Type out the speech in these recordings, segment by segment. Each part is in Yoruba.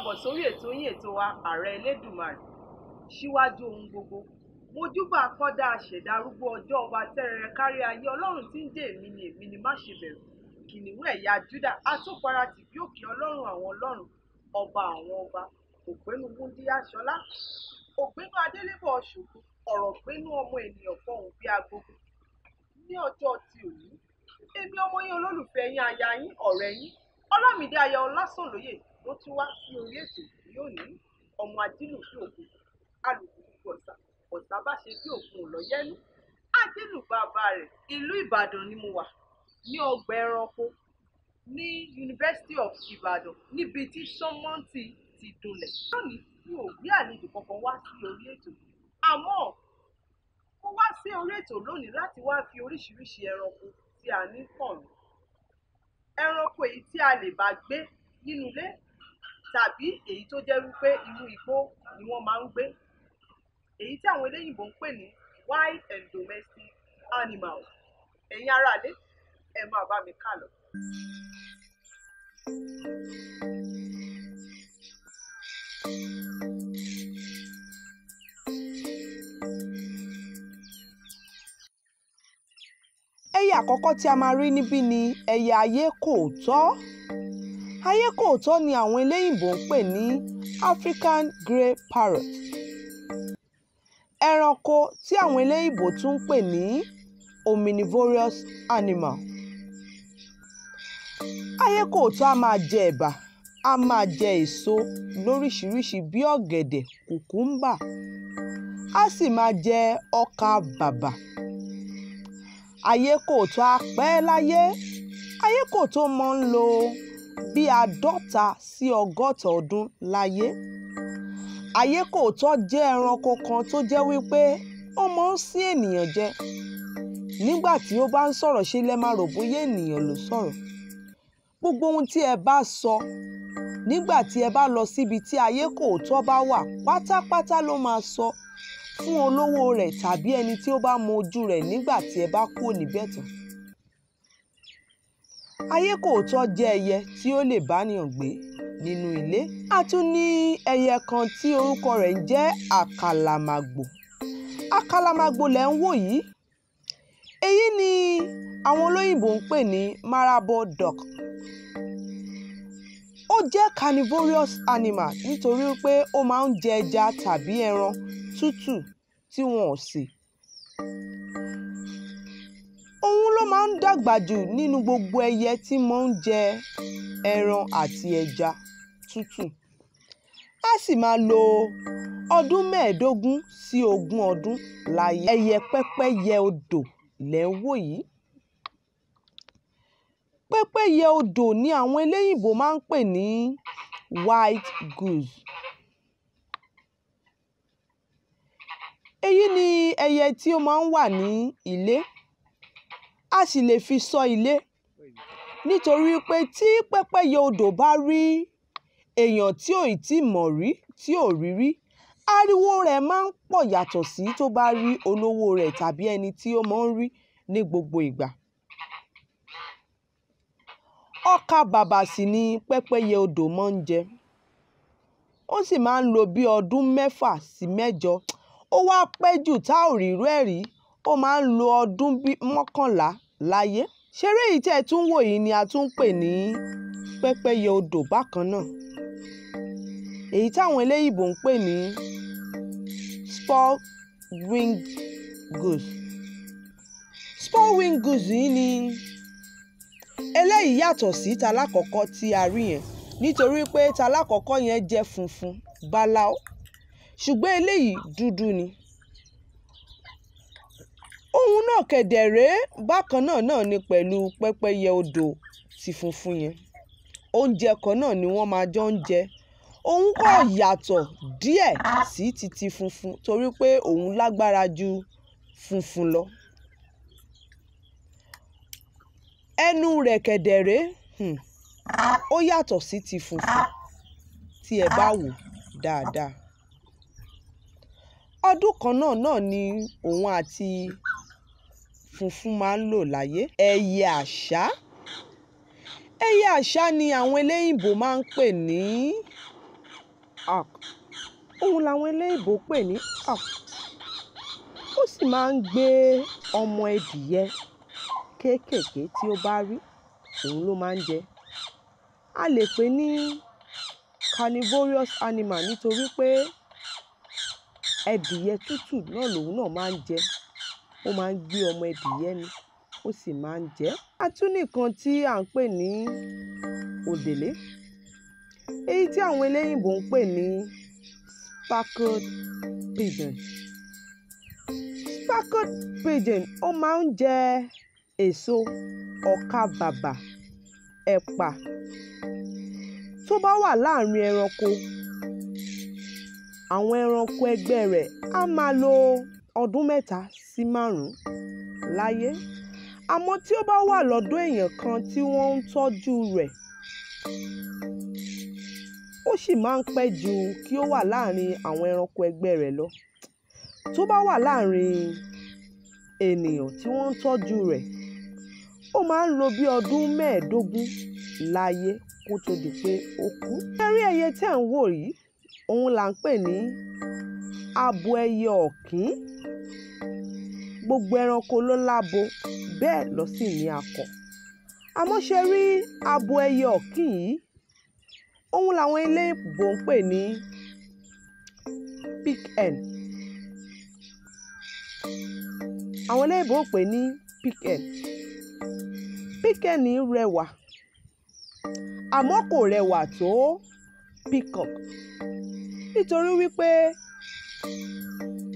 káàbọ̀ sórí ètò yín ètò wa ààrẹ elédùnmarè síwájú ohun gbogbo mojúbà kọ́dá àṣẹ̀dá arúgbó ọjọ́ ọba tẹ́rẹrẹ kárí ayé ọlọ́run tí ń dé èmi ni èmi ni má ṣe bẹ̀rù kìnìún ẹ̀yà júdà atópara tìbí òkè ọlọ́run àwọn ọlọ́run ọba àwọn ọba ògbénu wúndíá ṣọlá ògbénu adélébọ̀ ṣògo ọ̀rọ̀ gbénu ọmọ ènìyàn fọhùn bí agogo ní ọjọ́ ti òní èmi ọmọ yín olólùfẹ́ yín aya yín ọ̀rẹ́ yín ọlámídé aya ọlásànlóye wọ́n tún wá sí orí ètò yóò ní ọmọ adílù sí òkun alùpùpù ọ̀sà ọ̀sà bá ṣe bí òkun lọ́yẹ́nu adílù bàbá rẹ̀ ìlú ìbàdàn ni mo wà ní ọgbà ẹranko ní University of Ibadan, níbi tí sọmọ́ǹtì ti dunlẹ̀ lónìí mi ò gbé àlejò kankan wá sí orí ètò àmọ́ mo wá sí orí ètò lónìí láti wá fi oríṣiríṣi ẹranko tí a ní kàn ẹranko èyí tí a lè bá gbé nínú ilé tàbí èyí tó jẹ́ wípé inú igbó ni wọ́n máa ń gbé èyí tí àwọn eléyìnbó ń pè ní wild and domestic animals ẹ̀yin aráalé ẹ máa bá mi kà lọ. ẹyẹ àkọ́kọ́ tí a máa rí níbí ni ẹyẹ ayé kò tọ́ ayékòótọ́ ni àwọn eléyìnbó ń pè ní African grey parrot ẹranko tí àwọn eléyìnbó tún ń pè ní omnivorous animal ayékòótọ́ a máa jẹ ẹ̀bà a máa jẹ èso lóríṣiríṣi bí ọ̀gẹ̀dẹ̀ kùkúmbà a sì máa jẹ ọkà bàbà ayékòótọ́ a pẹ́ láyé ayékòótọ́ mọ́ ń lo bí àádọ́ta sí ọgọ́ta ọdún láyé. Ayékòótọ́ jẹ́ ẹranko kan tó jẹ́ wípé ó máa ń sín ènìyàn jẹ. Nígbà tí ó bá ń sọ̀rọ̀ ṣe lẹ́ máa rò bóyá ènìyàn ló sọ̀rọ̀. Gbogbo ohun tí ẹ bá sọ nígbà tí ẹ bá lọ síbi tí ayékòótọ́ bá wà pátápátá ló máa sọ fún olówó rẹ̀ tàbí ẹni tí ó bá mọ ojú rẹ̀ nígbà tí ẹ bá kúrò níbẹ̀ tán ayé kòótọ́ jẹ́ ẹyẹ tí ó lè báníyàn gbé nínú ilé a tún ní ẹyẹ kan tí orúkọ rẹ̀ ń jẹ́ àkàlàmàgbò àkàlàmàgbò lẹ̀ ń wò yìí èyí ni àwọn olóyìnbó ń pè ní marable duck ó jẹ́ carnivorous animal nítorí pé ó máa ń jẹ ẹja tàbí ẹran tútù tí wọn ò sè máa ń dàgbà jù nínú gbogbo ẹyẹ tí máa ń jẹ ẹran àti ẹja tútù. Á sì máa lo ọdún mẹ́ẹ̀ẹ́dógún sí ogún ọdún láyé ẹyẹ pẹ́pẹ́yẹ odò lẹ̀ ń wò yìí. Pẹ́pẹ́yẹ odò ni àwọn eléyìnbó máa ń pè ní white goose. Èyí ni ẹyẹ tí ó máa ń wà ní ilé a sì lè fi sọ ilé, nítorí pé tí pẹ́pẹ́yẹ odò bá rí èèyàn tí ò ì tíì mọ̀ rí tí ò rí rí, ariwo rẹ̀ máa ń pọ̀ yàtọ̀ sí tó bá rí olówó rẹ̀ tàbí ẹni tí ó mọ̀ rí ní gbogbo ìgbà. Ọkà-bàbà sì ni pẹ́pẹ́yẹ odò máa ń jẹ. Ó sì máa ń lo bí ọdún mẹ́fà sí mẹ́jọ, ó wá pẹ́ jù tá ò rírú ẹ̀ rí ó máa ń lo ọdún mọ́kànlá láyé. ṣeré yìí tẹ́ ẹ tún wò yìí ni a tún ń pè ní pẹ́pẹ́yẹ odò bákan náà èyí táwọn eléyìnbó ń pè ní spur-winged goose. spur wing goose yìí ni eléyìí yàtọ̀ sí talákọ̀ọ́kọ́ tí a rí yẹn nítorí pé talákọ̀ọ́kọ́ yẹn jẹ́ funfun báláú ṣùgbọ́n eléyìí dúdú ni òun náà kẹ̀dẹ̀ rèé bákan náà náà ni pẹ̀lú pẹ́pẹ́yẹ odò ti funfun yẹn oúnjẹ kan náà ni wọ́n máa jọ ń jẹ òun kò yàtọ̀ díẹ̀ sí ti funfun torí pé òun lágbára ju funfun lọ ẹnu rẹ̀ kẹ̀dẹ̀ rèé hmm. ó yàtọ̀ sí ti funfun tí ẹ bá wò dáadáa ọdún kan náà náà ni òun àti funfun máa ń lò láyé ẹyẹ àṣá ẹyẹ àṣá ni àwọn eléyìnbó máa ń pè ní hawk òun làwọn eléyìnbó pè ní hawk ó sì máa ń gbé ọmọ ẹdìyẹ kéékèèké tí ó bá rí òun ló máa ń jẹ a lè pè ní carnivorous animal nítorí pé ẹdìyẹ tútù náà lòun náà máa ń jẹ ó máa ń gbé ọmọ ẹdìyẹ ni ó sì máa ń jẹ. a tún nìkan tí à ń pè ní òdèlé èyí tí àwọn eléyìnbó ń pè ní speckled pigeon speckled pigeon ó máa ń jẹ èso ọkà bàbà ẹ̀pà tó bá wà láàrin ẹranko àwọn ẹranko ẹgbẹ́ rẹ̀ á máa lo ọdún mẹ́ta sí márùn-ún láyé. Àmọ́ tí ó bá wà lọ́dọ̀ èèyàn kan tí wọ́n ń tọ́jú rẹ̀, ó sì máa ń pẹ́ ju kí ó wà láàárín àwọn ẹranko ẹgbẹ́ rẹ̀ lọ. Tó bá wà láàárín ènìyàn tí wọ́n ń tọ́jú rẹ̀, ó máa ń lo bí ọdún mẹ́ẹ̀ẹ́dógún láyé kó tó di pé ó kú. Ṣé rí ẹyẹ tí ẹ̀ ń wò yìí? Òun là ń pè ní abo ẹyẹ ọ̀kín gbogbo ẹranko ló lábo bẹ́ẹ̀ ló sì ní akọ àmọ́ ṣe rí abo ẹyẹ ọ̀kín yìí òun làwọn ilé ìbò ń pè ní pig hen àwọn ilé ìbò ń pè ní pig hen pig hen rẹwà àmọ́ kò rẹwà tó peacock nítorí wípé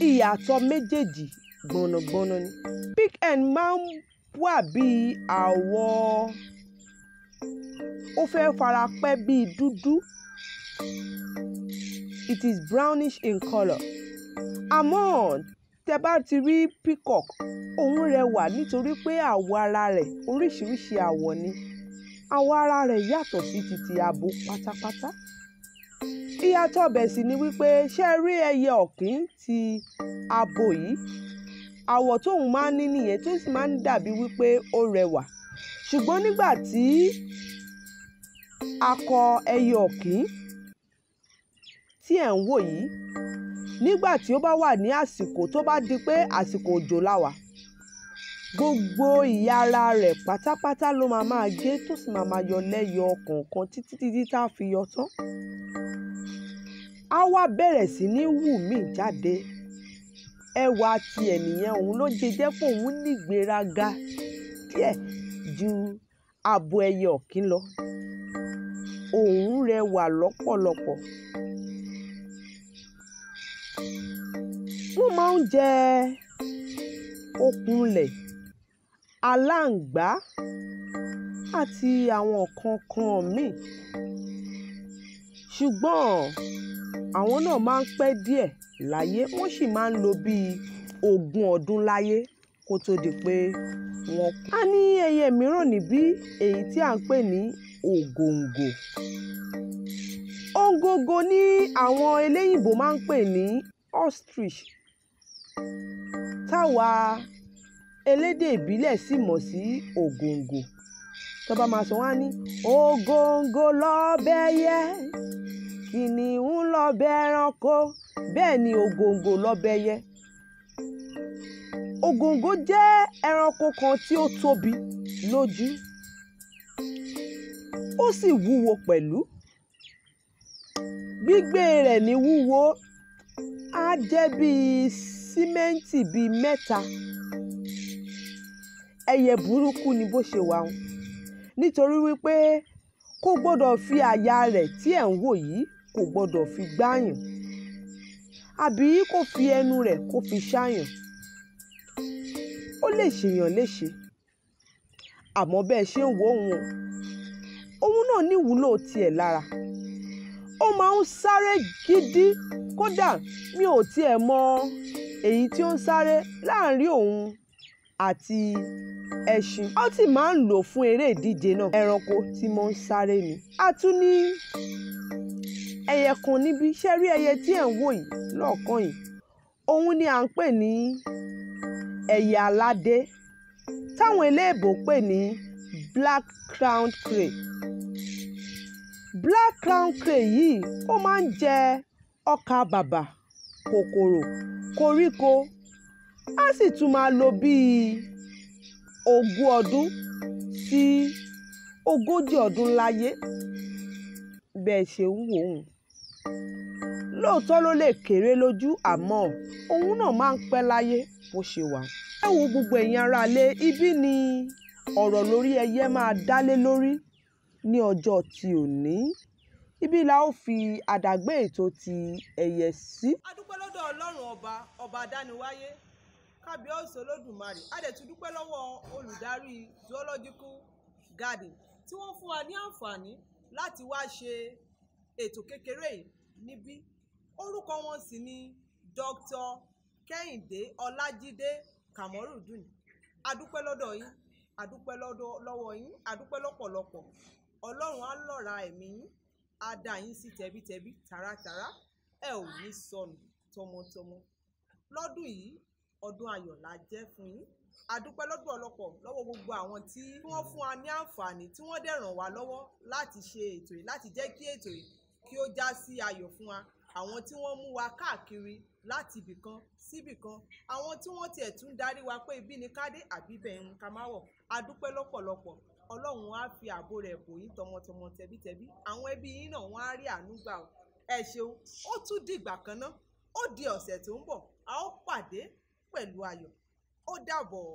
ìyàtọ̀ méjèèjì gbọ̀nàgbọ̀nà ni big hen máa ń wà bíi àwọ̀ ó fẹ́ farapẹ́ bíi dúdú it is brownish in colour àmọ́ tẹ bá ti rí peacock òun rẹwà nítorí pé àwọ̀ ara rẹ̀ oríṣiríṣi àwọ̀ ni àwọ̀ ara rẹ̀ yàtọ̀ sí ti ti pátápátá ìyàtọ̀ ọbẹ̀ sì ni wípé ṣé ẹ rí ẹyẹ ọ̀kín ti abo yìí àwọ̀ tóun máa ń ní nìyẹn tó sì máa ń dàbí wípé ó rẹwà ṣùgbọ́n nígbà tí akọ ẹyẹ ọ̀kín tí ẹ̀ ń wò yìí nígbà tí ó bá wà ní àsìkò tó bá di pé àsìkò òjò la wà gbogbo ìyá ara pátápátá ló máa máa gé tó sì máa máa yọ lẹ́yọ kọ̀ọ̀kan títí títí tá a fi yọ tán á wá bẹ̀rẹ̀ sí ní wù mí jáde ẹwà tiẹ̀ nìyẹn òun ló jẹ jẹ́ fóun nígbéraga díẹ̀ ju abo ẹyẹ ọ̀kín lọ òun rẹwà lọ́pọ̀lọpọ̀ wọ́n máa ń jẹ okunlẹ̀ aláǹgbá àti àwọn nǹkan míì ṣùgbọ́n àwọn náà máa ń pẹ́ díẹ̀ láyé wọ́n sì máa ń lo bíi ogún ọdún láyé kó tó di pé wọ́n kú. a ní ẹyẹ mìíràn níbí èyí tí à ń pè ní ògòǹgò. ògòǹgò ni àwọn eléyìnbó máa ń pè ní ostrich táwa elédè ìbílẹ̀ sì mọ̀ sí ògòǹgò tó bá máa sọ wá ní ògòǹgò lọ́ọ́ yẹ kìnìún lọ́bẹ ẹranko bẹ́ẹ̀ ni ògòǹgò lọ́bẹ ẹyẹ ògòǹgò jẹ́ ẹranko kan tí ó tóbi lójú ó sì wúwo pẹ̀lú gbígbé rẹ̀ ní wúwo á jẹ́ bíi símẹ́ǹtì bíi mẹ́ta ẹyẹ burúkú ni bó ṣe wà wọn nítorí wípé kò gbọ́dọ̀ fi àyà rẹ̀ tí ẹ̀ ń wò yìí kò gbọ́dọ̀ fi gbáyàn àbí kó fi ẹnu rẹ̀ kó fi ṣáyàn ó lè ṣèyàn léṣe àmọ́ bẹ́ẹ̀ ṣe ń wo òun o òun náà níwúlò tiẹ̀ lára ó máa ń sáré gidi kódà mi ò tiẹ̀ mọ èyí tí ó ń sáré láàrin òun àti ẹṣin ó ti máa ń lò fún eré ìdíje náà ẹranko tí mo ń sáré ni a tún ní ẹyẹ kan níbí ṣé rí ẹyẹ tí ẹ̀ ń wò yìí lọ́ọ̀kan yìí òun ni à ń pè ní ẹyẹ aládé táwọn eléèbó pè ní black crowned cray black crowned cray yìí ó máa ń jẹ ọkà bàbà kòkòrò koríko á sì tún máa lò bíi ogún ọdún sí ogójì ọdún láyé bẹ́ẹ̀ ṣe ń wò ó lóòótọ́ ló lè kéré lójú àmọ́ òun náà máa ń pẹ́ láyé bó ṣe wà. ẹ wo gbogbo ẹ̀yin aráalé ibí ni ọ̀rọ̀ lórí ẹyẹ máa dálé lórí ní ọjọ́ ti òní ibí la ó fi àdàgbé ètò ti ẹyẹ sí. a dúpẹ́ lọ́dọ̀ ọlọ́run ọba ọba adániwáyé kábíọ́sì olódùmarè a dẹ̀ tún dúpẹ́ lọ́wọ́ olùdarí zoological garden tí wọ́n fún wa ní àǹfààní láti wá ṣe ètò kékeré yìí níbí orúkọ wọn sì ni dr kẹ́hìndé ọlájídé kàmọ́rùdùn adúpẹ́ lọ́dọ̀ yín adúpẹ́ lọ́wọ́ yín adúpẹ́ lọ́pọ̀lọpọ̀ ọlọ́run á lọ́ra ẹ̀mí yín á dá yín sí tẹ̀bítẹ̀bí tààràtààrà ẹ ò ní sọnù tọmọtọmọ lọ́dún yìí ọdún ayọ̀ la jẹ́ fún yín adúpẹ́ lọ́dún ọlọ́pọ̀ lọ́wọ́ gbogbo àwọn tí wọ́n fún wa ní àǹfààní tí wọ́n dẹ̀ ràn wá lọ́wọ́ láti ṣe ètò yìí láti jẹ́ kí ètò yìí kí ó já sí ayọ̀ fún wa àwọn tí wọ́n mú wa káàkiri láti ibìkan síbìkan àwọn tí wọ́n tiẹ̀ tún darí wa pé ibi ni ká dé àbí bẹ́ẹ̀ ń ká má a dúpẹ́ lọ́pọ̀lọpọ̀ ọlọ́run á fi ààbò rẹ̀ bò yín tọmọtọmọ tẹbítẹbí àwọn ẹbí yín náà wọ́n á rí àánú gbà ó ẹ ṣeun ó tún dìgbà kan náà ó di ọ̀sẹ̀ tó ń bọ̀ a ó pàdé pẹ̀lú ayọ̀ ó dàbọ̀.